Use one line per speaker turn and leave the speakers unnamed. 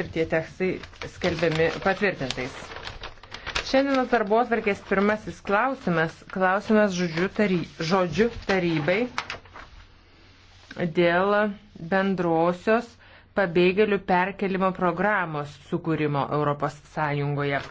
ir tie tekstai skelbiami patvirtintais. Šiandienos darbo atvarkės pirmasis klausimas, klausimas žodžiu, tary, žodžiu tarybai dėl bendrosios pabėgėlių perkelimo programos sukūrimo Europos Sąjungoje.